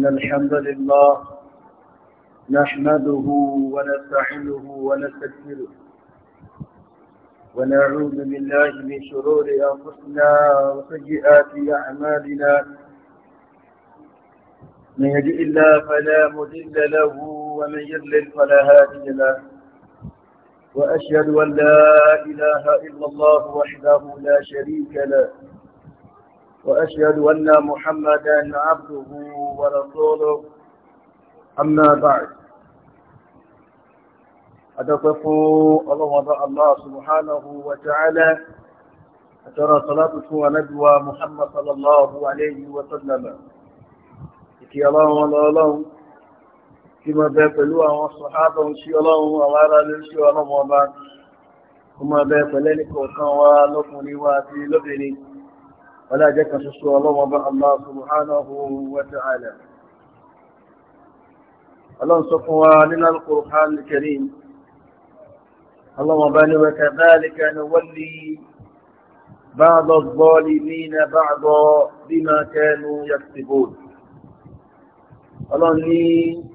إن الحمد لله نحمده ونستعينه ونستكثره ونعوذ بالله من شرور أنفسنا وسيئات أعمالنا من يهدئ الله فلا مضل له ومن يضلل فلا هادي له وأشهد أن لا إله إلا الله وحده لا شريك له وأشهد أن محمدا عبده ورسوله أما بعد أدقفوا الله وضع الله سبحانه وتعالى أترى صلاته ونبوى محمد صلى الله عليه وسلم kí ọlọ́run ọlọ́run kí mọ̀ bẹ pẹ̀lú àwọn sọ̀hábọ̀ ń sí ọlọ́run àwọn ará lè sí ọlọ́run ọba kó mọ̀ bẹ pẹ̀lẹ́ nìkọ̀ọ̀kan wa lọ́kùnrin wa àti lóbìnrin ولا جك سوى الله وما الله سبحانه وتعالى اللهم صفوا لنا القرآن الكريم اللهم بان وكذلك نولي بعض الظالمين بعض بما كانوا يكتبون اللهم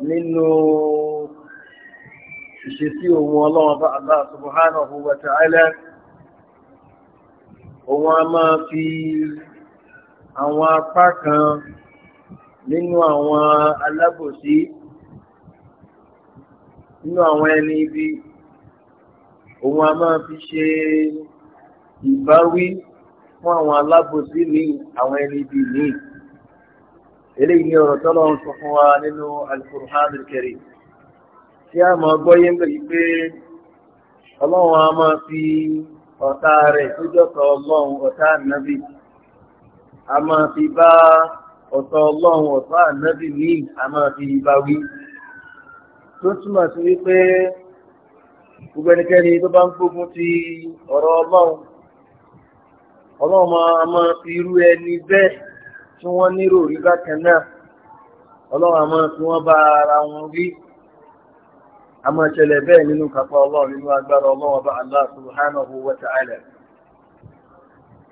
منو شفيهم والله سبحانه وتعالى òun a máa fi àwọn apá kan nínú àwọn alábòsí nínú àwọn ẹni ibi òun a máa fi ṣe ìbáwí fún àwọn alábòsí ní àwọn ẹni ibi ní eléyìí ni ọ̀rọ̀ tọ́lọ́ ń sọ fún wa nínú al-Qur'an tí a máa gbọ́yé ń bẹ̀rẹ̀ pé ọlọ́run a máa fi ọ̀tá rẹ̀ tó jọ́ka ọlọ́run ọ̀tá ànábì a máa fi bá ọ̀tá ọlọ́run ọ̀tá ànábì míì a máa fi bá wí tó túmọ̀ sí wípé gbogbo ẹnikẹ́ni tó bá ń gbógun ti ọ̀rọ̀ ọlọ́run ọlọ́run máa máa fi irú ẹni bẹ́ẹ̀ tí wọ́n nírò rí bákan náà ọlọ́run a máa fi wọ́n bá ara wọn wí a máa ṣẹlẹ̀ bẹ́ẹ̀ nínú kápá ọlọ́run nínú agbára ọlọ́run ọba Allah subhanahu wa ta'ala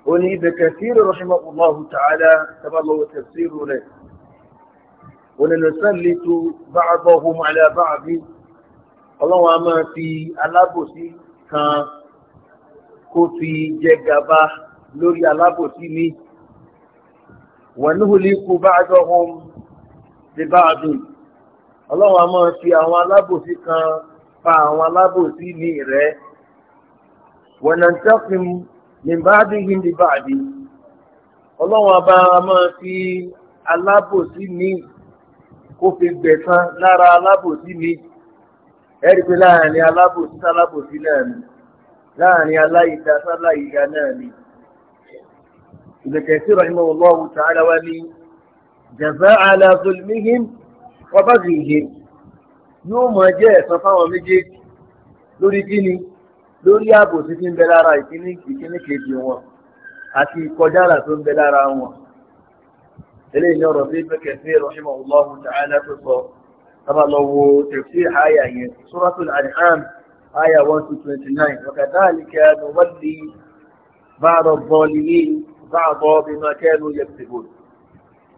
ó ní ibẹ̀ kẹsìrì rahimahullahu ta'ala tabalọ́wọ́ tafsiru rẹ̀ ó ní nusallitu ba'dahum ala ba'd ọlọ́run a máa fi alábòsí kan kó fi jẹ gàba lórí alábòsí mi wa nuhliku ba'dahum bi ba'd ọlọ́run a máa fi àwọn alábòsí kan pa àwọn alábòsí ní rẹ wọ̀nàntẹ́fìm nìbàdí yìí nìbàdí ọlọ́run ọba a máa fi alábòsí ní kó fi gbẹ̀san lára alábòsí ní ẹ̀rí pé láàrin alábòsí sálábòsí náà ni láàrin aláìda sáláìda náà ni ìgbẹ̀kẹ̀sí rahimahullahu ta'ala wa ni jazaa ala zulmihim wọ́n bá sì yé yóò mọ̀ jẹ́ ẹ̀san fáwọn méjèèjì lórí kíni lórí ààbò tí fi ń bẹ lára ìkíní ìkíní kejì wọn àti ìkọjára tó ń bẹ lára wọn. eléyìí ni ọ̀rọ̀ tí ibn Kathir rahimahullahu ta'ala tó sọ sábà lọ wo tafsir àyà yẹn suratul an'am àyà one to twenty nine wa kadhalika nuwalli ba'da adh-dhalimin ba'da bima kanu yaktubun.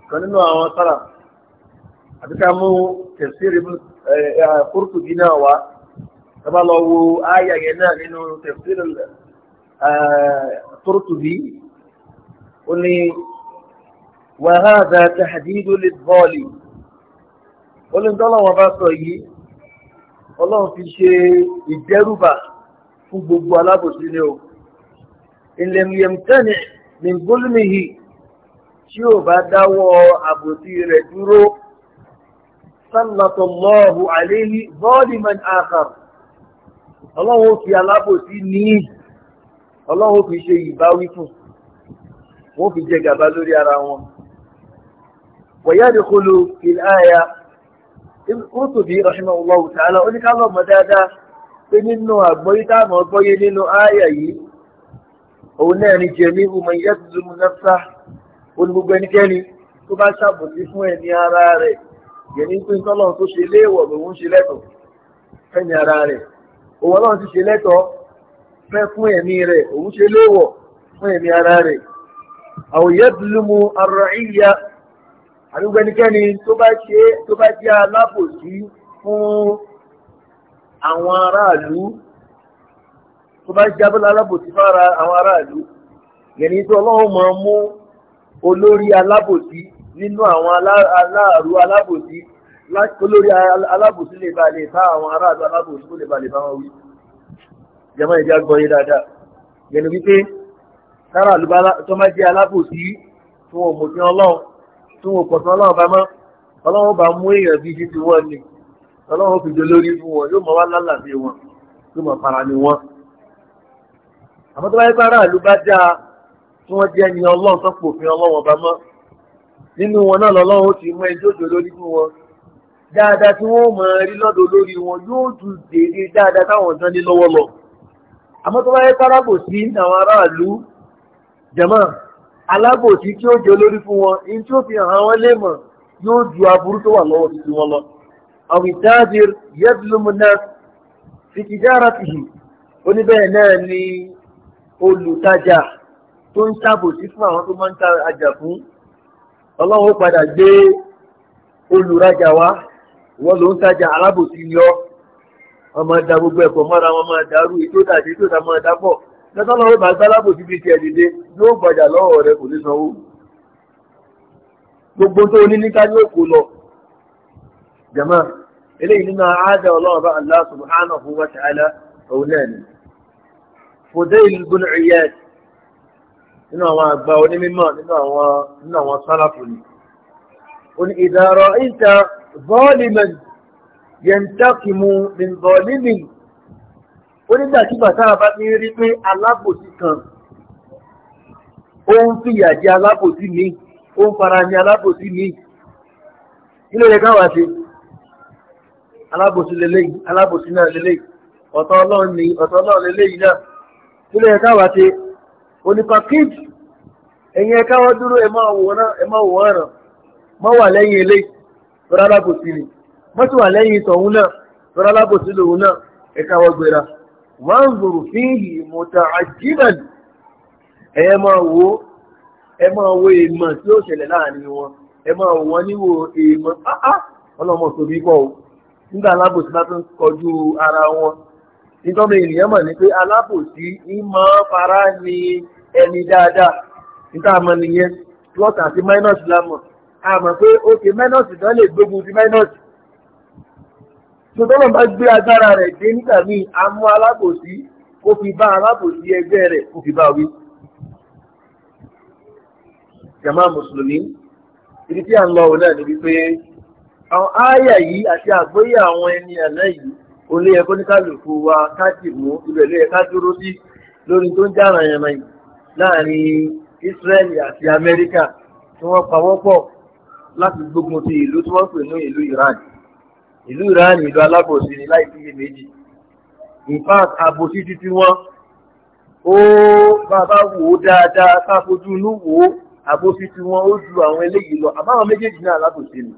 kan nínú àwọn sára àti ká mú tẹ̀síìrì kúrúkùbí náà wá tọ́ba lọ wo ááyà yẹn náà nínú tẹ̀síìrì kúrúkùbí ó ní wàhálà tàhádìdó lè bọ́ọ̀lì ó ní tọ́lọ́wọ́n bá sọ yìí ọlọ́run fi ṣe ìdẹ́rùbà fún gbogbo alábòsí ni o ìlẹ̀mìyẹ̀mìtẹ́nì ní gbólúmìhì tí ò bá dáwọ́ àbòsí rẹ̀ dúró sallata Allahu alayhi zaliman akhar ọlọ́run ó fi alábòsí ní ọlọ́run ó fi ṣe ìbáwí fún wọ́n fi jẹ gàba lórí ara wọn wọ̀yádìkolo ìláyà Qurtubi rahimahullahu ta'ala oníkálọ̀ mọ̀ dáadáa pé nínú àgbọ́yé táàmù ọgbọ́yé nínú ààyà yìí òun náà ni jẹ́ ní ọmọ ìyá tuntun náà sá onígbogbo ẹnikẹ́ni tó yẹni pé tọ́lọ́ tó ṣe léèwọ̀ lòun ṣe lẹ́tọ̀ọ́ fẹ́ni ara rẹ̀ òun ọlọ́run ti ṣe lẹ́tọ̀ọ́ fẹ́ fún ẹ̀mí rẹ̀ òun ṣe léèwọ̀ fún ẹ̀mí ara rẹ̀ àwòyẹ́ bulumu ara ìyá àdúgbẹ́nikẹ́ni tó bá ṣe tó bá jẹ́ alábòsí fún àwọn aráàlú tó bá jẹ́ abúlé alábòsí fára àwọn aráàlú yẹni tó ọlọ́run máa mú olórí alábòsí nínú àwọn aláàrú alábòsí olórí alábòsí lè bá lè bá àwọn aráàlú alábòsí kó lè bá lè bá wọn wí jẹmọ́ ìdí agbọ́yé dáadáa yẹnu wípé sára àlùbá tó má jẹ́ alábòsí tí wọn mọ̀ sí ọlọ́run tí wọn pọ̀ sí ọlọ́run bá mọ́ ọlọ́run bá mú èèyàn bí ṣe ti wọ́n ni ọlọ́run fi dolórí fún wọn yóò mọ wá lálàbí wọn yóò mọ fara ni wọn. àmọ́ tó bá yẹ pé aráàlú bá dáa tí wọ́n jẹ́ ni ọlọ́run tó pòfin ọlọ́run bá mọ́ nínú wọn náà lọ́lọ́run ó ti mọ ẹjọ́ òjòló nínú wọn dáadáa tí wọ́n máa rí lọ́dọ̀ lórí wọn yóò ju dèrè dáadáa táwọn ọ̀sán ní lọ́wọ́ lọ àmọ́ tó bá yẹ kárábòsí àwọn aráàlú jẹ̀mọ́ alábòsí tí ó jẹ́ olórí fún wọn in tí ó fi hàn wọ́n lè mọ̀ yóò ju aburú tó wà lọ́wọ́ sí wọn lọ àwọn ìdájìr yẹ́dùlùmùnà fi dára fi hì oníbẹ̀ẹ́ náà ni olùtajà tó ń ṣàbòsí fún àwọn tó máa ń ta àjà fún ọlọ́wọ́ padà gbé olùrajà wá wọ́n ló ń tajà alábòsí ni ọ́ wọ́n máa da gbogbo ẹ̀kọ́ mọ́ra wọn máa dàrú ètò tàbí ètò tàbí máa dábọ̀ lọ́tọ́lọ́wọ́ bá alábòsí ní sanwó gbogbo tó ní lọ jama eléyìí nínú bá òun náà nínú àwọn àgbà onímọ̀ nínú àwọn nínú àwọn sálàfù ni ó ní ìdàrọ̀ ìta zaliman yantaqimu min zalimin ó nígbàkígbà tá a bá ní rí pé alábòsí kan ó ń fìyà jẹ alábòsí mi ó ń fara ní alábòsí mi nílò rẹ̀ káwà sí alábòsí lélẹ́yìn alábòsí náà lélẹ́yìn ọ̀tọ̀ ọlọ́run ní ọ̀tọ̀ ọlọ́run lélẹ́yìn náà nílò rẹ̀ káwà sí oníkọ̀kíd ẹ̀yìn ẹ̀ká wọ́n dúró ẹ máa wò ọ̀ràn mọ́ wà lẹ́yìn ilé rọ́lábòsí ni mọ́ sì wà lẹ́yìn tọ̀hún náà rọ́lábòsí lòun náà ẹ̀ká wọ́n gbéra wọ́n ń zòrò fi yìí mọ̀tà àjíbàlì ẹ̀yẹ máa wo ẹ máa wo èèmọ̀ tí ó ṣẹlẹ̀ láàrin wọn ẹ máa wò wọ́n níwò èèmọ̀ áá ọlọ́mọ tòbí pọ̀ o nígbà alábòsí bá tún kọjú ara wọn nítorí ènìyàn mọ̀ ní pé alábòsí ní máa fara ní ẹni dáadáa níta àmọ́ nìyẹn plus àti minus lámọ̀ àmọ́ pé ok minus náà lè gbógun ti minus ṣùgbọ́n bá gbé agbára rẹ̀ dé nígbà míì a mú alábòsí kó fi bá alábòsí ẹgbẹ́ rẹ̀ kó fi bá wí. jama mùsùlùmí ibi tí a ń lọ òun náà níbi pé àwọn ááyà yìí àti àgbóyè àwọn ẹni àná yìí olóyè kóníkàlùkù wa ká dì mú ibẹ̀ lóyè ká dúró sí lórí tó ń jà ràn náà yìí láàrin Israeli àti Amẹ́ríkà tí wọ́n pawọ́pọ̀ láti gbógun ti ìlú tí wọ́n pè ní ìlú Iran ìlú Iran ìlú alábòsí ni láì sí méjì in fact àbòsí títí wọn ó bàbá wò ó dáadáa káfojú inú wò ó àbòsí tí wọn ó ju àwọn eléyìí lọ àmọ́ àwọn méjèèjì náà alábòsí ni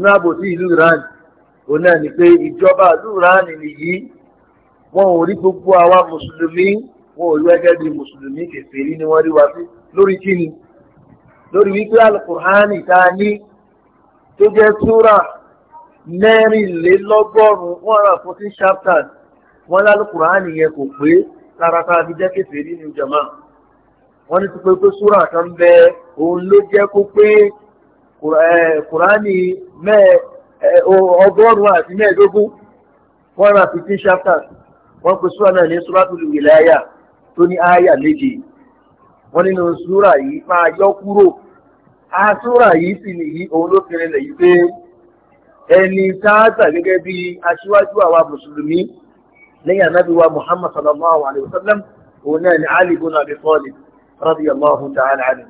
ní àbòsí ìlú Iran òun náà ni pé ìjọba ìlú Iran nìyí wọn ò rí gbogbo àwa mùsùlùmí wọn ò rí gẹ́gẹ́ bí mùsùlùmí kèfèrí ni wọ́n rí wa sí lórí kíni lórí wípé alukur'ani tá a ní tó jẹ́ súrà mẹ́rìnlélọ́gọ́rùn-ún one hundred and fourteen chapters wọ́n lálùkùránì yẹn kò pé lára tá a fi jẹ́ kèfèrí ní jama wọ́n ní ti pé pé súrà kan bẹ òun ló jẹ́ kó pé kùránì ọgọ́rùn-ún àti mẹ́ẹ̀ẹ́dógún one hundred fifteen chapters wọ́n pe súrà náà ní súrà tó lè wìláyà. tó ní ááyà méje wọ́n nínú súrà yìí máa yọ kúrò a súrà yìí sì nìyí òun ló fi rinlẹ̀ pé ẹni táàtà gẹ́gẹ́ bí aṣíwájú àwa mùsùlùmí lẹ́yìn anábì wa muhammad sallallahu alayhi wa sallam òun náà ni ali ibn abi talib radiyallahu ta'ala anhu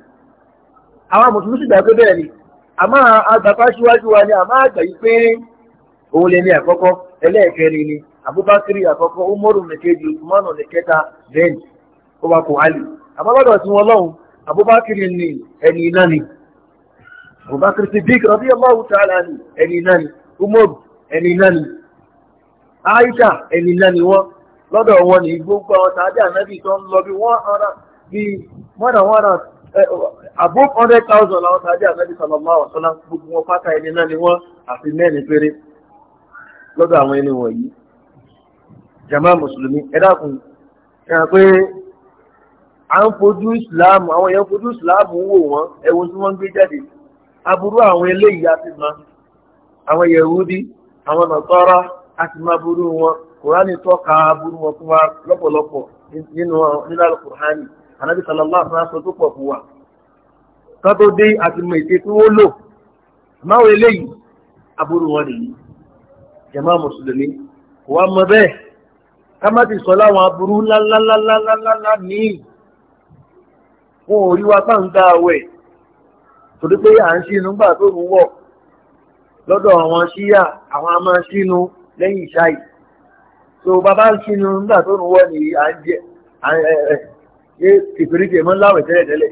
àwa mùsùlùmí sì gbàgbé bẹ́ẹ̀ ni àmọ́ àgbàpá aṣíwájú wa ni àmọ́ àgbà yìí pé òun lè ní àkọ́kọ́ ẹlẹ́ẹ̀kẹrin ni abubakar àkọ́kọ́ umaru nìkejì usmanu nìkẹta ó bá kò alì àbálọ́dọ̀ tí wọ́n lọ́hùn abubakar ni ẹni iná ni abubakar siddiq radiyallahu ta'ala ni ẹni iná ni umar ẹni iná ni aisha ẹni iná ni wọ́n lọ́dọ̀ wọn ni gbogbo àwọn tàbí ànábì tó ń lọ bí one hundred bí more than one hundred eh, above hundred thousand àwọn tàbí ànábì sallallahu alaihi wasallam gbogbo wọn pátá ẹni iná ni wọ́n àfi mẹ́rin péré lọ́dọ̀ àwọn ẹni wọ̀nyí jama mùsùlùmí ẹ dákun ẹ à ń fojú islam àwọn èèyàn fojú islam wò wọ́n ẹ̀wọ̀n tí wọ́n gbé jáde aburú àwọn eléyìí a ti mọ àwọn àwọn a ti ma aburú wọn kùránì tọ́ka aburú wọn fún wa lọ́pọ̀lọpọ̀ nínú nílá kùránì ànábì sallallahu alaihi wasallam tó pọ̀ fún wa dé àti tí wọ́n lò máwọn eléyìí aburú wọn mùsùlùmí mọ bẹ́ẹ̀ ká má ti sọ láwọn aburú míì wọn ò rí wa bá ń dá awẹ̀ torí pé à ń sínú gbà tó rú wọ̀ lọ́dọ̀ àwọn ṣíyà àwọn a máa sínú lẹ́yìn ìṣáì so bàbá ń sínú nígbà tó rú wọ̀ ní à ń jẹ ẹ ìpèríkè mọ́ láwẹ̀ tẹ́lẹ̀tẹ́lẹ̀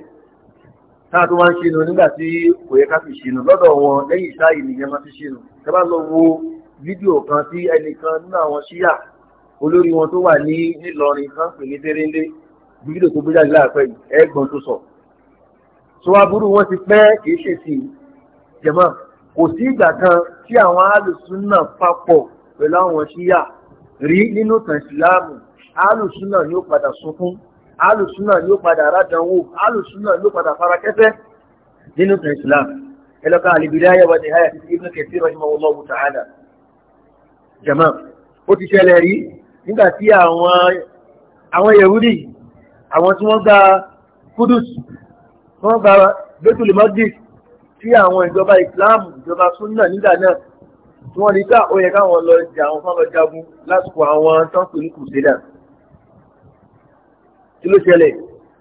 táà tó máa ń sínú nígbà tí kò yẹ ká fi sínú lọ́dọ̀ wọn lẹ́yìn ìṣáì nìyẹn máa fi sínú ẹ lọ wo fídíò kan tí ẹnìkan nínú àwọn ṣíyà olórí wọn tó wà ní Ìlọrin kan pè fídíò tó gbéjáde láàpẹ́ yìí ẹgbọ́n tó sọ so aburú wọn ti pẹ́ kìí ṣe sí jẹ̀mọ́ kò sí ìgbà kan tí àwọn alùsùnà papọ̀ pẹ̀lú àwọn ṣíyà rí nínú tàn ìsìláàmù alùsùnà ni ó padà sunkún alùsùnà ni ó padà rádanwó alùsùnà ni ó padà farakẹ́fẹ́ nínú tàn ìsìláàmù ẹlọ́ka àlìbìlẹ̀ ayẹwà ní àyà ti ibùdó kẹsí rahimahullahu ta'ala jẹ̀mọ́ ó ti ṣẹlẹ̀ rí nígbà tí àwọn àwọn yẹ̀wúdì àwọn tí wọ́n gba kudus wọ́n gba betul magdis tí àwọn ìjọba islam ìjọba sunna nígbà náà tí wọ́n rí ká ó yẹ káwọn lọ jà àwọn fáwọn jagun lásìkò àwọn tán pè ní kùsídà kí ló ṣẹlẹ̀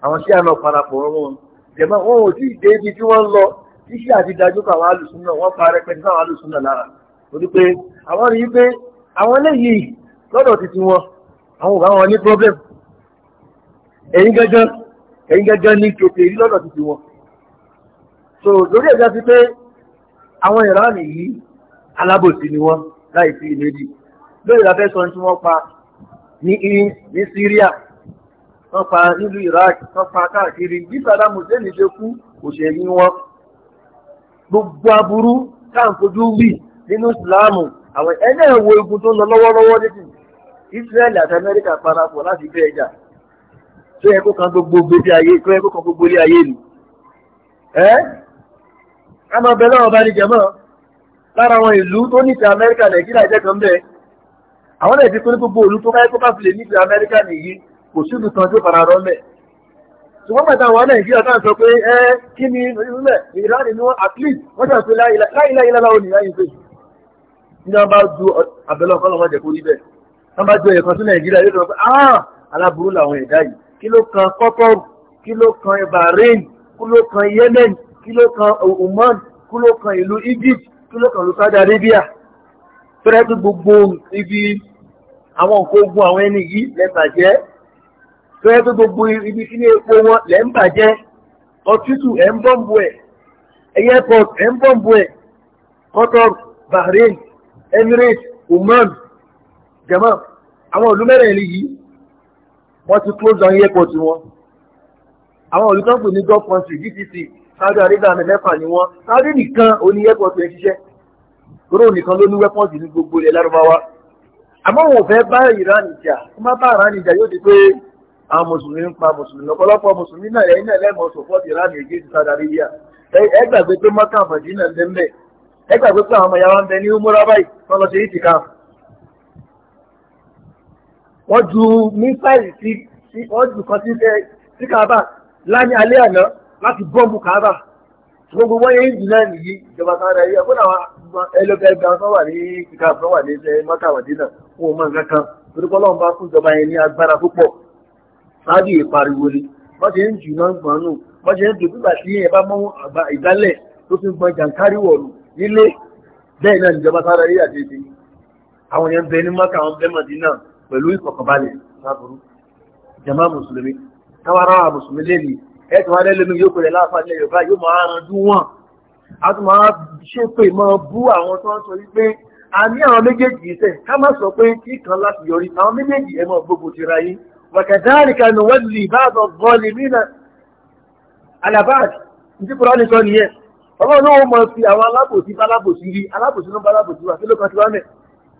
àwọn sí àná parapọ̀ wọn jẹ̀mọ́ wọn ò tí ì dé ibi tí wọ́n lọ iṣẹ́ àti dájú kọ àwọn alùsùn náà wọ́n pa rẹpẹtẹ fáwọn alùsùn náà lára torí pé àwọn rí i pé àwọn eléyìí lọ́dọ̀ titi wọn àwọn ò bá wọn ní pọ́blẹ́mù ẹ̀yin gẹ́gẹ́ ẹ̀yin gẹ́gẹ́ ní kèfè rí lọ́nà títí wọn so lórí ẹ̀já sí pé àwọn ìránì yi alábòsí ni wọ́n láì fi ìlédì lórí ìlàfẹ́ sọ tí pa ní irin syria wọ́n pa nílùú iraq wọ́n pa káàkiri bí Sadam hussein ṣe kú kò ṣe yí wọn gbogbo aburú káàfojú wì nínú ìsìláàmù àwọn ẹlẹ́wọ̀ ogun tó lọ lọ́wọ́lọ́wọ́ nídìí israeli àti amẹ́ríkà parapọ̀ láti ẹja tó yẹ kó kan gbogbo gbèsè ayé tó yẹ kó kan gbogbo ilé ayé ni ẹ́ a máa bẹ lọ́wọ́ bá ní jẹmọ́ lára àwọn ìlú tó nífẹ̀ẹ́ amẹ́ríkà nàìjíríà jẹ́ kan bẹ́ẹ̀ àwọn náà ti kó ní gbogbo òlu tó káyé kó káfílẹ̀ nífẹ̀ẹ́ amẹ́ríkà nìyí kò sí ìlú kan tó fara rọ mẹ́ ṣùgbọ́n pàtàkì àwọn nàìjíríà náà sọ pé ẹ kí ni ìrúlẹ̀ ìránì ni wọ́n at least wọ́n ṣàpè láìláìlá láwọn ènìyàn yìí pé ní wọ́n bá ju àbẹ̀lọ́ ọ̀kọ́ lọ́wọ́ jẹ̀ kó rí bẹ́ẹ̀ wọ́n ah aláburú làwọn ẹ̀dá kí ló kan kọ́tọ́rù kí ló kan bahrain kí ló kan yemen kí ló kan oman kí ló kan ìlú egypt kí ló kan ìlú saudi arabia fẹ́rẹ́ pé gbogbo ibi àwọn nǹkan ogun àwọn ẹni yìí lẹ́bàjẹ́ fẹ́rẹ́ pé gbogbo ibi kí ní epo wọn lẹ́bàjẹ́ ọtútù ẹ̀ ń bọ̀m̀bù ẹ̀ airport ẹ̀ ń bọ̀m̀bù ẹ̀ qatar bahrain emirates oman jama àwọn ìlú mẹ́rẹ̀ẹ̀rin yìí wọ́n ti close down yẹ́pọ̀ wọn àwọn olùkọ́pù ní gulf country gtc saudi arabia àmì mẹ́fà ni wọ́n saudi nìkan oní yẹ́pọ̀ tó ṣiṣẹ́ kúrò nìkan ló ní weapons ní gbogbo ilẹ̀ lárúbáwá. àmọ́ wọn ò fẹ́ bá iran ìjà kó má bá iran ìjà yóò di pé àwọn mùsùlùmí ń pa mùsùlùmí ọ̀pọ̀lọpọ̀ mùsùlùmí náà ẹ̀yin náà lẹ́mọ̀ support iran against saudi arabia ẹ gbàgbé pé mọ́tà àbàdí náà ń bẹ́ẹ̀ ẹ gbàgbé pé àwọn ọmọ yàrá ń bẹ ní wọ́n ju mísáìlì sí wọ́n ju kan sí kaaba láni alẹ́ àná láti bọ́ọ̀mù kaaba gbogbo wọ́n ya ń náà nìyí ìjọba kára yìí ọ̀gbọ́n àwọn ẹlẹ́gbẹ̀ẹ́ gan tó wà ní kíkà tó wà ní mọ́kàwádé náà nǹkan kan torí fún ìjọba yẹn ní agbára púpọ̀ sáájú ìpariwo ni wọ́n ti ń jù náà nù wọ́n ti ń nígbà tí bá mọ́ àgbà tó fi gbọ́n jàǹkárí wọ̀lù nílé bẹ́ẹ̀ náà pẹ̀lú ìfọ̀kànbalẹ̀ sáàbùrú jama mùsùlùmí káwàrá mùsùlùmí lẹ́nu ẹ̀tùn wá lẹ́lẹ́mí yóò pẹ̀lẹ̀ láàfààní yorùbá yóò máa ranjú wọn a tún máa ṣépè máa bú àwọn tó ń sọ wípé a ní àwọn méjèèjì sẹ ká má sọ pé kí kan láti yọrí àwọn méjèèjì ẹ máa gbogbo ti ra yín wàkàdáàríkà nù wọ́n lè bá àtọ̀ gọ́ọ̀lì mìíràn alábáàdì ní kúrọ́ nìkan nìyẹn ọlọ́run náà wọ́n fi àwọn alábòsí bá alábòsí rí alábòsí náà bá alábòsí wà kí ló kan ti wá mẹ́ẹ̀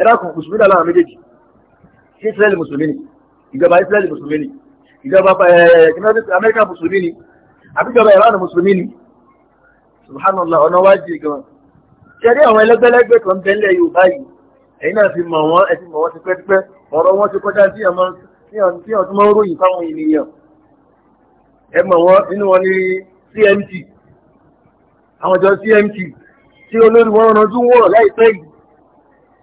ẹ̀dàkùn mùsùlùmí dà láwọn méjèèjì sí israeli mùsùlùmí ni ìjọba israeli mùsùlùmí ni ìjọba amẹ́ríkà mùsùlùmí ni àbíjọba ìránù mùsùlùmí ni subhanallah ọ̀nà wájú gan ṣe rí àwọn ẹlẹ́gbẹ́lẹ́gbẹ́ kan bẹ́lẹ̀ yorùbá yìí ẹ̀yin náà fi mọ̀ wọ́n ẹ ti mọ̀ wọ́n ti pẹ́pẹ́ ọ̀rọ̀ wọn ti kọjá sí ọmọ tí wọ́n tún máa ń ròyìn fáwọn ènìyàn ẹ mọ̀ wọ́n nínú wọn ní cmt àwọn jọ cmt tí olórí wọn rànjú wọ̀rọ̀ láìpẹ́ yìí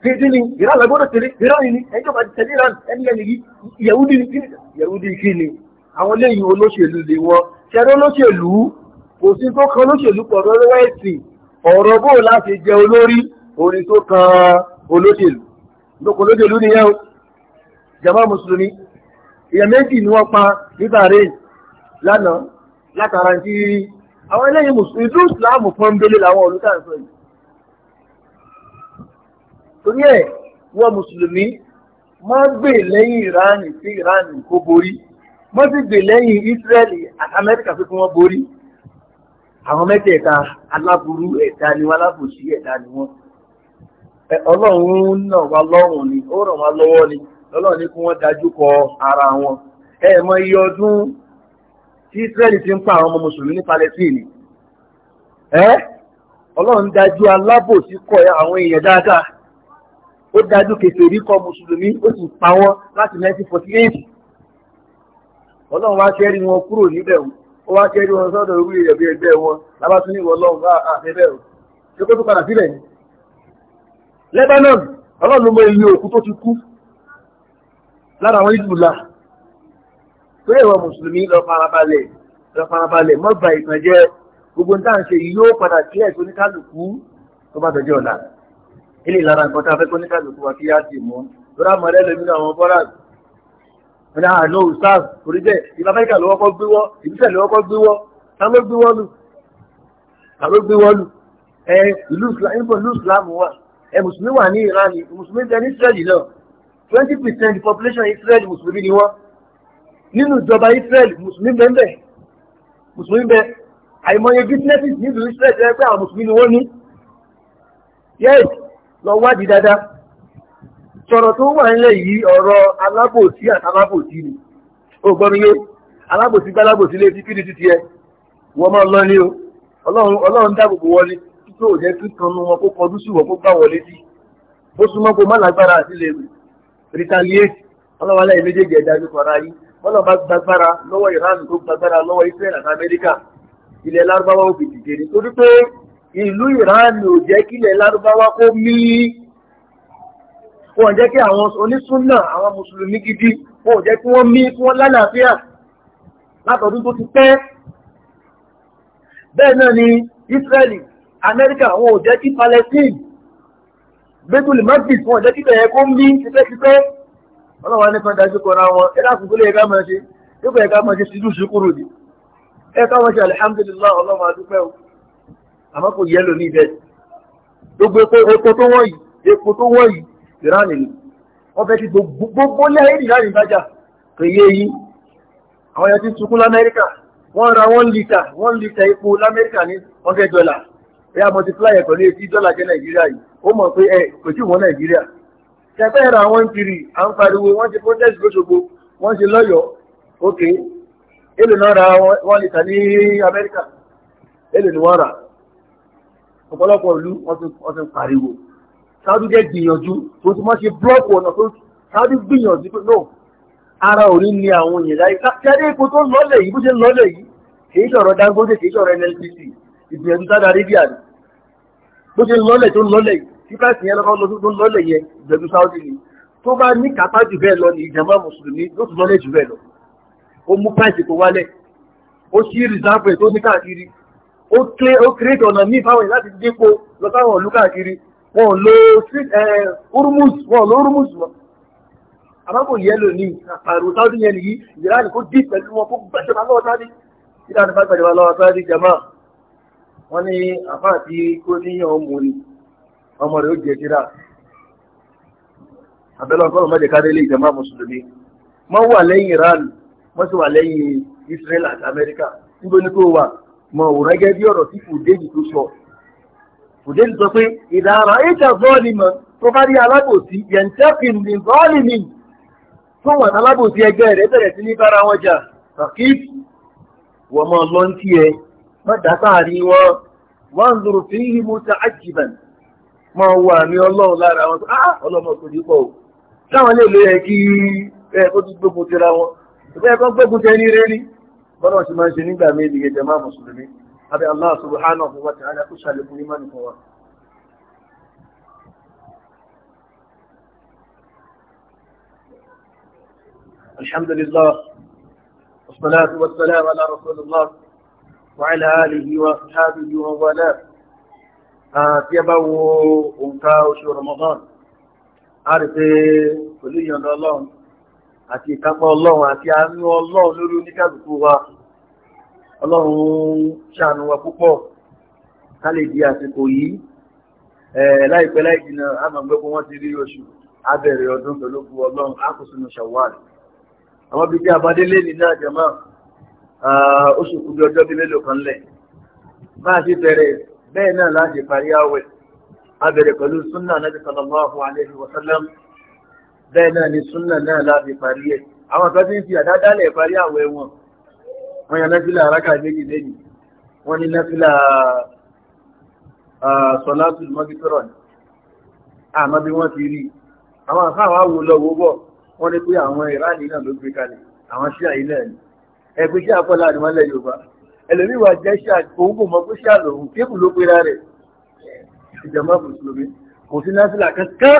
dídí ni ìran àgbọ̀dọ̀ tẹ̀lé ìran yìí ni ẹjọ́ bá ti tẹ̀lé ìran ẹni ẹni yìí yẹ̀wúdí ni kíni yẹ̀wúdí kí ni àwọn lẹ́yìn olóṣèlú lè wọ́n ṣẹ́rẹ́ olóṣèlú kò sí tó kan olóṣèlú pọ̀ lọ́wọ́ ẹ̀sìn ọ̀rọ̀ bó láti jẹ olórí orin tó kan olóṣèlú lóko olóṣèlú nìyẹn o jama mùsùlùmí èèyàn méjì ni wọ́n pa ní bahrain lánàá látara ti àwọn ẹlẹ́yìn mùsùlùmí ìlú ìsìláàmù pọ́ńbélé làwọn olùkàǹsọ yìí torí ẹ̀ wọ́n mùsùlùmí má gbè lẹ́yìn ìránì sí ìránì kó borí má sì gbè lẹ́yìn Ísírẹ́lì àti Amẹ́ríkà pé kí wọ́n borí àwọn mẹ́tẹ̀ẹ̀ta aláburú ẹ̀dá ni wọ́n alábòsí ẹ̀dá ni wọ́n ọlọ́run náà wá lọ́rùn ni ó ràn wá lọ́wọ́ ni lọ́lọ́run ní kí wọ́n dájú kọ ara wọn ẹ mọ iye ọdún tí Ísírẹ́lì ti ń pa àwọn ọmọ mùsùlùmí ní Palẹ́tìnì ẹ ọlọ́run dájú alábòsí kọ àwọn èèyàn dáadáa ó dájú kèfèrí kọ mùsùlùmí ó sì pa wọ́n láti 1948 ọlọ́run wá ṣẹ́rí wọn kúrò níbẹ̀ ó wá ṣẹ́rí wọn sọ́dọ̀ irú ìrẹ̀bí ẹgbẹ́ wọn lábátún ní ìwọlọ́run ah, ah, bá àfẹ́bẹ̀ O ṣe kó tó padà sílẹ̀ ní. Lebanon ọlọ́run ló mọ iye òkú tó ti kú lára àwọn ìdùlà pé ìwọ mùsùlùmí lọ farabalẹ̀ lọ farabalẹ̀ mọ́ gba ìtànjẹ gbogbo ní táà ń ṣe yìí yóò padà sílẹ̀ tó ní kálukú tó bá dọjọ́ ọ̀la ilé ìlara nǹkan tá a fẹ́ kó níkàlùkù wa kí á sì mú lọ́rọ̀ àmọ́ ẹlẹ́ lómi àwọn bọ́rà ní àná usaf orí bẹ́ẹ̀ ìlú amẹ́ríkà ló wọ́pọ̀ gbéwọ́ ìbísẹ̀ ló wọ́pọ̀ gbéwọ́ ta ló gbéwọ́ lù ta ló gbéwọ́ lù ẹ ìlú islam wà ẹ mùsùlùmí wà ní iran ni mùsùlùmí bẹ ní israeli náà twenty percent population israeli mùsùlùmí ni wọ́n nínú ìjọba israeli mùsùlùmí bẹ́ẹ̀ bẹ́ẹ̀ mùsùlùmí bẹ́ẹ̀ àìmọye businesses nílùú israeli ẹ pé àwọn mùsùlùmí ni wọ́n ní yes lọ wájì dáadáa sọ̀rọ̀ tó wà nílẹ̀ yìí ọ̀rọ̀ alábòsí àtàlábòsí ni o gbọ́ mi alábòsí gbálábòsí lé ti kíni títí ẹ wọ́n máa lọ ní o ọlọ́run ọlọ́run dáàbòbò wọlé títí ò jẹ́ kíkan nu wọn kó kọjú sí wọn kó gbá wọlé sí ó súnmọ́ kó má àti lè retaliate ọlọ́run aláì méjèèjì ẹ̀dá ní kọ̀ọ̀rọ̀ ayé ìlú ìránì ò jẹ́ kílẹ̀ lárúbáwá kó mí wọ́n jẹ́ kí àwọn onísúnnà àwọn mùsùlùmí gidi wọ́n jẹ́ kí wọ́n mí kí wọ́n lálàáfíà látọ̀dún tó ti pẹ́ bẹ́ẹ̀ náà ni Israeli Amẹ́ríkà wọn ò jẹ́ kí Palestine Bethel Magdis wọn ò jẹ́ kí bẹ̀yẹ kó mí tipẹ́tipẹ́ ọlọ́wọ́ nípa dájú kọ́ra wọn ẹ̀dá kùkúlé ẹ̀ká máa ṣe yóò bẹ̀yẹ ká máa ṣe sídùú ṣukúrù ni ẹ̀ká máa ṣe alihamdulilayi ọlọ́wọ́ adúpẹ́ o àmọ́ kò yẹ́lò ní ibẹ̀ gbogbo epo tó wọ́n yìí epo tó wọ́n yìí ìránì ni wọ́n fẹ́ ti gbogbo lẹ́yìn ìránì ìbájà kò yé àwọn èèyàn ti sunkún lamẹ́ríkà wọ́n ra one litre one litre epo lamẹ́ríkà ní hundred dollar ẹ̀yà multiply ẹ̀ pẹ̀lú eighty dollar jẹ́ nàìjíríà yìí ó mọ̀ pé ẹ kò tí wọ́n nàìjíríà ṣẹ̀fẹ́ ra wọ́n kiri à ń pariwo wọ́n ti protest lóṣogbo wọ́n ti lọ́yọ̀ọ́ ok èlò náà ra one litre ní amẹ́ríkà èlò ni wọ́n rà ọ̀pọ̀lọpọ̀ ìlú wọ́n ti pariwo Saudi jẹ́ gbìyànjú tó ti mọ́ ṣe búlọ́ọ̀kù ọ̀nà tó Saudi gbìyànjú pé no ara ò ní ní àwọn èèyàn láyé kẹ́rẹ́ epo tó lọ́lẹ̀ yìí bó ṣe lọ́lẹ̀ yìí kìí ṣọ̀rọ̀ Dangote kìí ṣọ̀rọ̀ NNPC ìgbìyànjú Saudi Arabia ni bó ṣe lọ́lẹ̀ tó lọ́lẹ̀ yìí tí price yẹn lọ́kọ́ tó lọ́lẹ̀ yẹn ìgbìyànjú Saudi ni tó bá ní kápá jù bẹ́ẹ̀ lọ ní ìjàmbá mùsùlùmí ló tún lọ́lẹ̀ jù bẹ́ẹ̀ lọ ó mú price tó wálẹ̀ ó ṣí reserve tó ní káàkiri ó clé ó create ọ̀nà míì fáwọn yìí láti dípò lọ sáwọn ìlú káàkiri wọn ò lo eh, urmus wọn ò lo urmus mọ́ àbábò yẹlò ní àrùn sáwọ́dí yẹn nìyí ìran kó dí pẹ̀lú wọn kó gbàjọba lọ́wọ́ sáwọ́dí ìdá nípa gbàjọba lọ́wọ́ sáwọ́dí jama wọn ni àfa àti kó ní ọmọ ni ọmọ rẹ̀ ó jẹ síra àbẹ́lẹ̀ ọkọ̀ ọmọdé kárí ilé iran wọ́n sì wà lẹ́yìn mọ òwúrọ̀ gẹ́gẹ́ bí ọ̀rọ̀ tí fòdéjì tó sọ fòdéjì sọ pé ìdára ìjà zọ́ọ̀lì mọ̀ tó bá rí alábòsí yẹ̀ǹtẹ́fìn ní zọ́ọ̀lì mi tó wọn alábòsí ẹgbẹ́ rẹ̀ bẹ̀rẹ̀ sí ní bára wọn jà kàkí wọ́n mọ̀ lọ́ntì ẹ̀ má dásáàrí wọn wọ́n ń lòrò fi yí mọ́ta àjìbàn mọ́ wà ní ọlọ́run lára wọn ọlọ́mọ kò ní pọ̀ o táwọn lè lè yẹ kí ẹ̀ kó ti gbógun wọn ìgbẹ́ kan gbógun tẹ ní ni. bọ́lá ti máa ń ṣe nígbà méjì gẹ́gẹ́ máa mùsùlùmí abẹ́ Allah subhanahu wa ta'ala kó ṣàlékún ní mọ́nì kan wa. alhamdulillah wasalaatu wasalaam ala rasulillah wa ala alihi wa sahabihi wa wala tí a bá wo òǹkà oṣù ramadan a rí pé pẹ̀lú ìyọ̀ndọ̀ ọlọ́run àti ìkápá ọlọ́run àti àánú ọlọ́run lórí oníkàlùkù wa ọlọ́run ṣàánú wa púpọ̀ ká lè àsìkò yìí láìpẹ́ láì wọ́n ti rí oṣù abẹ̀rẹ̀ ọdún pẹ̀lú ọlọ́run ákùsùnù ṣàwárì àwọn ní náà oṣù kan lẹ̀ bẹ̀rẹ̀ bẹ́ẹ̀ náà láti parí àwẹ̀ abẹ̀rẹ̀ pẹ̀lú súnà bẹ́ẹ̀ náà ni súnà náà láti parí ẹ̀ àwọn kan tí ń fi àdádálẹ̀ parí àwọn ẹ̀wọ̀n wọ́n yan nẹ́fílà aráka méjì lẹ́yìn wọ́n ní nẹ́fílà ah, sọ̀látù mọ́gítọ́rọ̀ àmọ́ bí wọ́n ti rí àwọn àfáàwà wo lọ́wọ́ bọ̀ wọ́n ní pé àwọn ìránì náà ló gbé kalẹ̀ àwọn ṣíà ilẹ̀ ẹ̀ ẹgbẹ́ ṣíà kọ́lá àdìmọ́lẹ̀ Yorùbá ẹlòmíwà jẹ́ ṣíà òun kò mọ̀ pé ṣíà lòun kébù ló pera rẹ̀ ìjọba mùsùlùmí kò sí násìlà kankan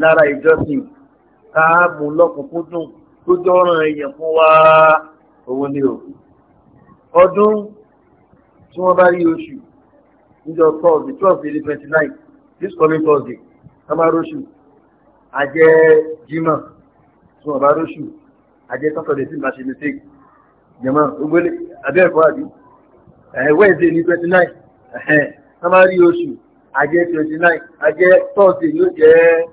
lára ìjọsìn ká mú lọ́kùnkúndùn tó jọ́ràn èèyàn fún wa òun ni o ọdún tí wọ́n bá rí oṣù níjọ thursday twelve eight twenty nine this coming thursday tamaroṣù àjẹ jimá tí wọ́n bá roṣù àjẹ saturday tí màá ṣe mistake jẹ̀mọ́ ogbélé abẹ́ẹ̀kọ́ àbí wednesday ní twenty nine tamari oṣù àjẹ twenty nine àjẹ thursday yóò jẹ́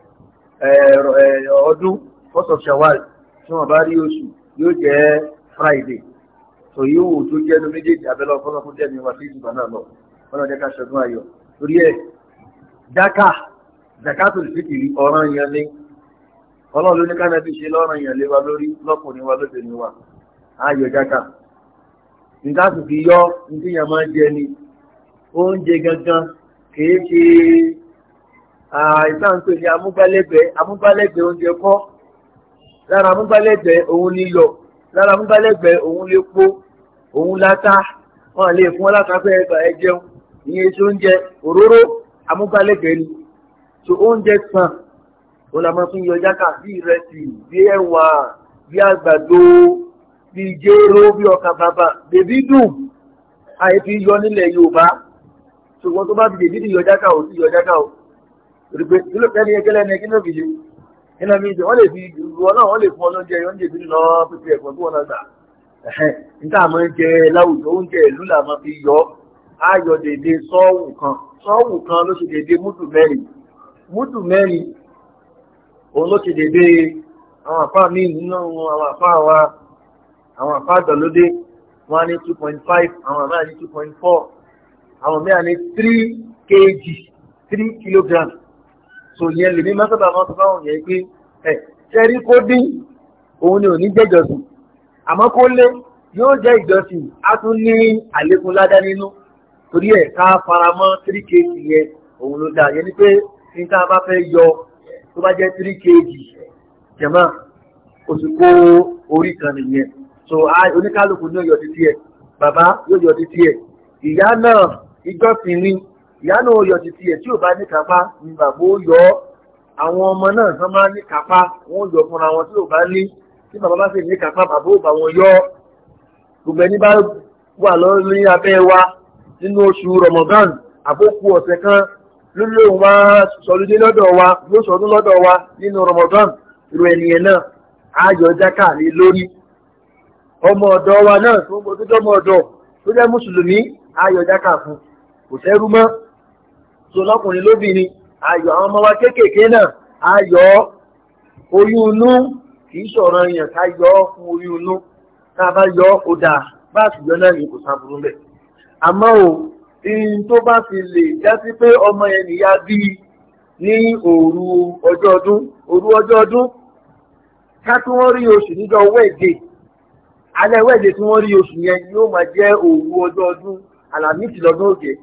ọdún first of Shawwal tí wọ́n bá rí oṣù yóò jẹ́ Friday tó yóò tó jẹ́ ẹnu méjèèjì abẹ́lẹ́ ọ̀fọ́lọ́fún jẹ́ mi wá sí náà lọ wọn ọjọ́ ká ṣọdún ayọ̀ torí ẹ̀ jáká jáká tó lè fìkìrì ọ̀ràn yẹn ní ọlọ́run ló ní kánẹ́bí ṣe lọ́ràn yẹn lé wa lórí wa ìtànpé ní amúgbálẹ́gbẹ̀ẹ́ amúgbálẹ́gbẹ̀ẹ́ oúnjẹ kọ́ lára amúgbálẹ́gbẹ̀ẹ́ òun ni yọ lára amúgbálẹ́gbẹ̀ẹ́ òun lè po òun látá wọn lè fún wọn látàfẹ́ ẹgbà ẹ ìyẹn tí oúnjẹ òróró amúgbálẹ́gbẹ̀ẹ́ ni tó oúnjẹ sàn òun la máa fi yọ jákà bí ìrẹsì bí ẹwà bí àgbàdo bí jéró bí ọkà bàbà bèbí dùn àyè fi yọ nílẹ̀ Yorùbá ṣùgbọ́n tó bá bèbí dùn yọ jákà ò sí yọ jákà ò olùgbé kí ló kẹ́ni ẹgẹ́lẹ́ ni kí ló fi ṣe iná mi ṣe wọ́n lè fi ìwọ náà wọ́n lè fún ọlọ́jẹ oúnjẹ ìbílẹ̀ lọ pípẹ́ ẹ̀kọ́ tó wọn náà gbà níta máa ń jẹ láwùjọ oúnjẹ ìlú là máa fi yọ ayọ̀ dèdè sọ́ọ̀wù kan sọ́ọ̀wù kan ló ṣe dèdè múdù mẹ́rin múdù mẹ́rin òun ló ṣe dèdè àwọn àfáà míì nínú àwọn àfáà wa àwọn àfáà dọ̀lódé wọ́n á ní two point five àwọn àmì àní two point four àwọn mẹ́rin ní three kg three kilograms so yẹn lèmi mọ́sọ̀bà máa sọ fáwọn yẹn pé ẹ ṣẹ́rí kó dín òun ni ò ní jẹ́jọ́sìn àmọ́ kó lé yóò jẹ́ ìjọsìn á tún ní àlékún ládá nínú torí ẹ̀ ká faramọ́ three kg yẹn òun ló dáa yẹn ni pé ní ká bá fẹ́ yọ tó bá jẹ́ three kg jẹ̀mọ́ oṣù kó orí kan nìyẹn so oníkálukú ní yóò yọ títí ẹ̀ bàbá yóò yọ títí ẹ̀ ìyá náà ìjọsìn ni ìyá náà ó yọ títí ẹ̀ tí ò bá ní kápá ni bàbá ó yọ ọ́ àwọn ọmọ náà kan máa ní kápá wọn ó yọ fúnra wọn tí ò bá ní tí bàbá bá sì ní kápá bàbá ó bá wọn yọ gbogbo ẹni bá wà lórí abẹ́ wa nínú oṣù Ramadan àbókù ọ̀sẹ̀ kan lólè wa sọlúdé lọ́dọ̀ wa ló sọdún lọ́dọ̀ wa nínú Ramadan irú ènìyàn náà ayọ̀ jákà lé lórí ọmọ ọ̀dọ̀ wa náà tó ń gbọ́dọ̀ ọmọ ọ̀dọ̀ tó jẹ́ mùsùlùmí ayọ̀ jákà fún kò sẹ́rú mọ́ so lọ́kùnrin lóbìnrin ayọ̀ àwọn ọmọ wa kéékèèké náà ayọ̀ oyún inú kìí sọ̀rọ̀ yẹn yọ ọ́ fún oyún inú bá yọ ọ́ ó dáa bá a yọ náà ní kò sáburú àmọ́ o ihun tó bá fi lè já sí pé ọmọ yẹn nìyá bí ní òru ọjọ́ ọdún òru ọjọ́ ọdún ká tí wọ́n rí oṣù wẹ́ẹ̀dẹ̀ alẹ́ wẹ́ẹ̀dẹ̀ tí wọ́n rí oṣù yẹn yóò máa jẹ́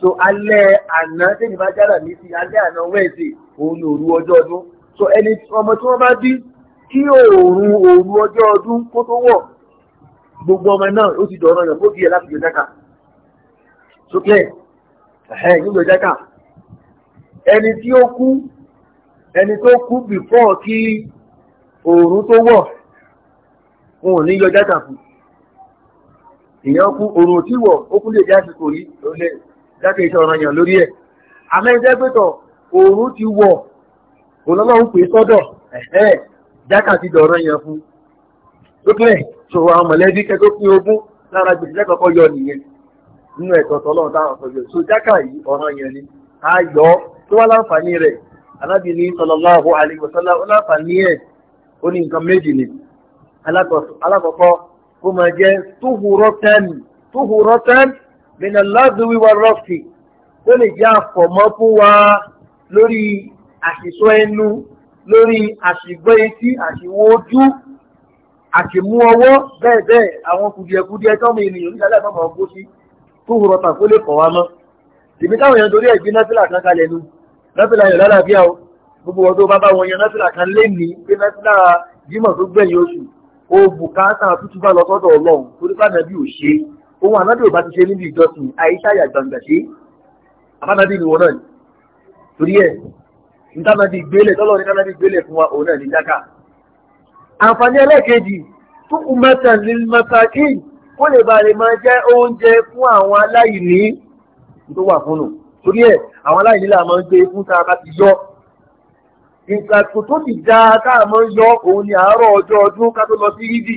so alẹ́ àná tẹ́lẹ̀ bá jára ní sí alẹ́ àná wẹ́ẹ̀sì òun ní òru ọjọ́ ọdún so ẹni ọmọ tí wọ́n bá bí kí òòrùn òru ọjọ́ ọdún kó tó wọ̀ gbogbo ọmọ náà ó ti dọ̀rọ̀ yàn kó bí ẹ láti yọ jáka sókè ẹ̀hẹ́ nílò jáka ẹni tí ó kú ẹni tó kú bìfọ́ kí òòrùn tó wọ̀ wọn ò ní yọ jáka fún èèyàn kú òòrùn tí wọ̀ ó kú lè jẹ́ àsìkò yìí jáde iṣẹ́ ọ̀ràn yàn lórí ẹ̀ amẹ́jẹ́ pẹ̀tọ̀ òòrùn ti wọ̀ olọ́lọ́run pè sọ́dọ̀ ẹ̀ẹ́ jákà ti dọ̀ràn yàn fún lókè so àwọn mọ̀lẹ́bí kẹ́kọ́ pín ogún lára gbèsè lẹ́kọ̀ọ́kọ́ yọ nìyẹn nínú ẹ̀tọ́ tọ́lọ́run táwọn sọ yọ so yìí yàn ni a yọ tó wá láǹfààní rẹ̀ alẹ́gbẹ̀sọ́lá ó láǹfààní ẹ̀ ó ní nǹkan min al-lagwi wa rafthi tó lè jẹ́ àfọ̀mọ́ fún wa lórí àṣìṣọ́ ẹnu lórí àṣìgbọ́ etí àṣìwò ojú àṣìmú ọwọ́ bẹ́ẹ̀ bẹ́ẹ̀ àwọn kùdìẹ̀kùdìẹ̀ tọ́mọ ènìyàn ní sálẹ̀ mọ́mọ́ ọkọ́ sí tó hùrọ̀ tàn kó lè kọ̀ wá mọ́ ìbí táwọn èèyàn torí ẹ̀gbin nọ́fìlà kan kalẹ̀ nu nọ́fìlà yọ̀ lálàáfíà o gbogbo wọn tó bá bá wọn yan nọ́fìlà kan lé ní pé nọ́fìlà jímọ̀ tó gbẹ̀yìn oṣù o bùkátà tútù bá lọ sọ́dọ̀ ọlọ́run torí pàdánù bí ò ṣe é ohun ànábì ò bá ti ṣe níbi ìjọsìn àyíṣà àyà gbangba ṣe àbánábì ni wọn náà torí ẹ ntànàbì gbélé tọ́lọ́ ní tànàbì gbélé fún wa òun náà ní dáká àǹfààní ẹlẹ́ẹ̀kejì tó kù mẹ́ta ní mẹ́tàkì kó lè ba lè máa jẹ́ oúnjẹ fún àwọn aláìní tó wà fún nù torí ẹ àwọn aláìní là máa ń gbé fún tá a bá ti yọ ìgbà tó ti dáa tá máa ń yọ òun ní àárọ̀ ọjọ́ ọdún ká tó lọ sí rídì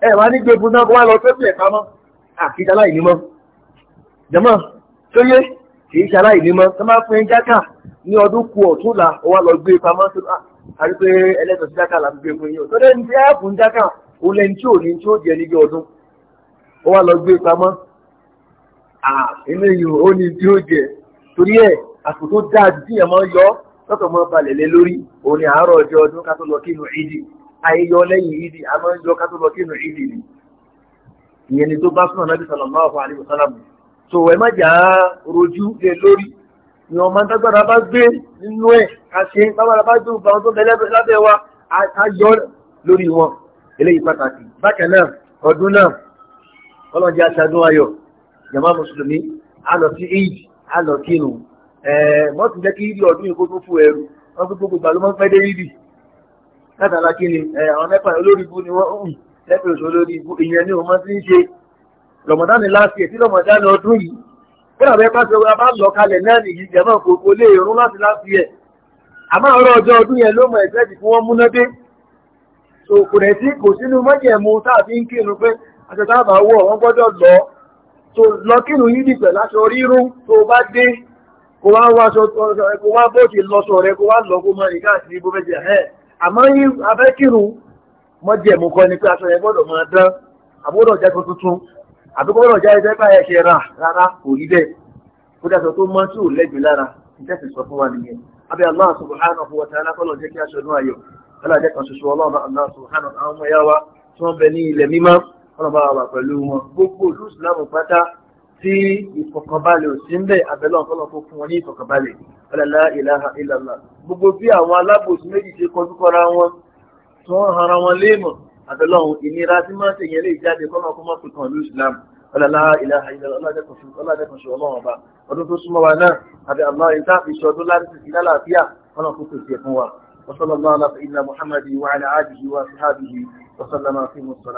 ẹ wá ní gbogbo náà wá lọ sójú ẹ̀ka mọ́ àkíjà láìní mọ́ jẹ́mọ́ tó yé kì í ṣaláì ní mọ́ tó máa fún jákà ní ọdún ku ọ̀túnla ó wá lọ gbé pamọ́ a àrí pé ẹlẹ́tọ̀ọ́ sí jákà là ń gbé fún yín o tó dẹ́ni tí á fún jákà ó lẹ́ni tí ò ní tí ó jẹ níbi ọdún ó wá lọ gbé pamọ́ eléyìí ó ní tí ó jẹ torí ẹ àsìkò tó dáa jù tíyẹn mọ́ yọ tọ́kọ̀ mọ́ balẹ̀ lé lórí òun ni àárọ̀ ọjọ́ ọdún ká tó lọ kí inú ìdí àyẹyọ lẹ́yìn ìdí a máa ń yọ kátó lọ kínú ìdí ni ìyẹn ni tó bá súnà nábì sallallahu alaihi wasallam so ẹ má jà á rojú lé lórí ni ọmọ tágbára bá gbé nínú ẹ̀ àṣẹ tágbára bá gbé ògbà tó bẹ̀lẹ́ lábẹ́ wa a yọ lórí wọn eléyìí pàtàkì bákan náà ọdún náà ọlọ́jà aṣáájú ayọ̀ jama mùsùlùmí a lọ sí eid a lọ kírun ẹ̀ mọ́tún jẹ́ kí ìdí ọdún yìí kó tó fún ẹrù wọ́n fi gbogbo gbà fẹ́ dé ìdí látara kí ni àwọn mẹ́fà olórí ibú ni wọ́n hùn lẹ́pẹ̀ òṣò olórí ibú ìyẹn ni òun ti ń ṣe Ramadan ni láti ẹ̀ tí Ramadan ni ọdún yìí fún àbẹ́ bá ṣe bá lọ kalẹ̀ náà nìyí jẹ̀mọ́ kòkó lè rún láti láti ẹ̀ àmọ́ ọ̀rọ̀ ọjọ́ ọdún yẹn ló mọ̀ ẹ̀fẹ́ ti fún wọn múná dé so kò rẹ̀ sí kò sínú mọ́jẹ̀mú tàbí ń kírun pé aṣọ táàbà wọ̀ wọ́n gbọ́dọ̀ lọ so lọ kírun yìí dìpẹ̀ láṣọ rírun tó bá dé kó wá wá bó ti lọ sọ rẹ wá lọ kó mọ nìkan àti ibo fẹ́ àmọ́ abẹ́kírun mọ́jẹ̀mú kọ́ ni pé aṣọ yẹn gbọ́dọ̀ máa dán àbúrò jẹ́ tuntun àbí kó gbọ́dọ̀ jẹ́ ẹgbẹ́ báyẹn ṣe rà rárá kò rí bẹ́ẹ̀ kó dàtọ̀ tó mọ́ tí ò lẹ́gbẹ̀ẹ́ lára ìtẹ́sì sọ fún wa nìyẹn abẹ́ Allah subhanahu wa ta'ala kọ́lọ̀ jẹ́ kí aṣọ kan ṣoṣo ọlọ́run àwọn ọmọ yá wa tí wọ́n bẹ ní ilẹ̀ mímọ́ bá wà pẹ̀lú gbogbo tí ìfọ̀kànbalẹ̀ ò sí ń bẹ̀ abẹ́lẹ́ ọ̀kọ́lọ́ tó fún wọn ní ìfọ̀kànbalẹ̀ ọ̀làlá ìlàhà ìlàlá gbogbo bí àwọn alábòsí méjì ṣe kọjú kọra wọn tí wọ́n hara wọn léèmọ̀ abẹ́lẹ́ ọ̀hún ìnira tí máa ń tẹ̀yẹ lè jáde kọ́nà kó má pè kàn lù islam ọ̀làlá ìlàhà ìlàlá ọ̀làdẹ́kùnṣe ọlọ́run ọba ọdún tó súnmọ́ wa náà àbí àlọ́